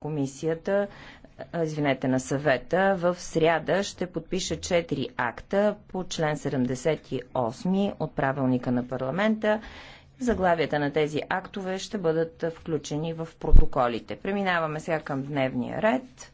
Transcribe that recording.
комисията, извинете, на съвета, в сряда ще подпише 4 акта по член 78 от правилника на парламента. Заглавията на тези актове ще бъдат включени в протоколите. Преминаваме сега към дневния ред.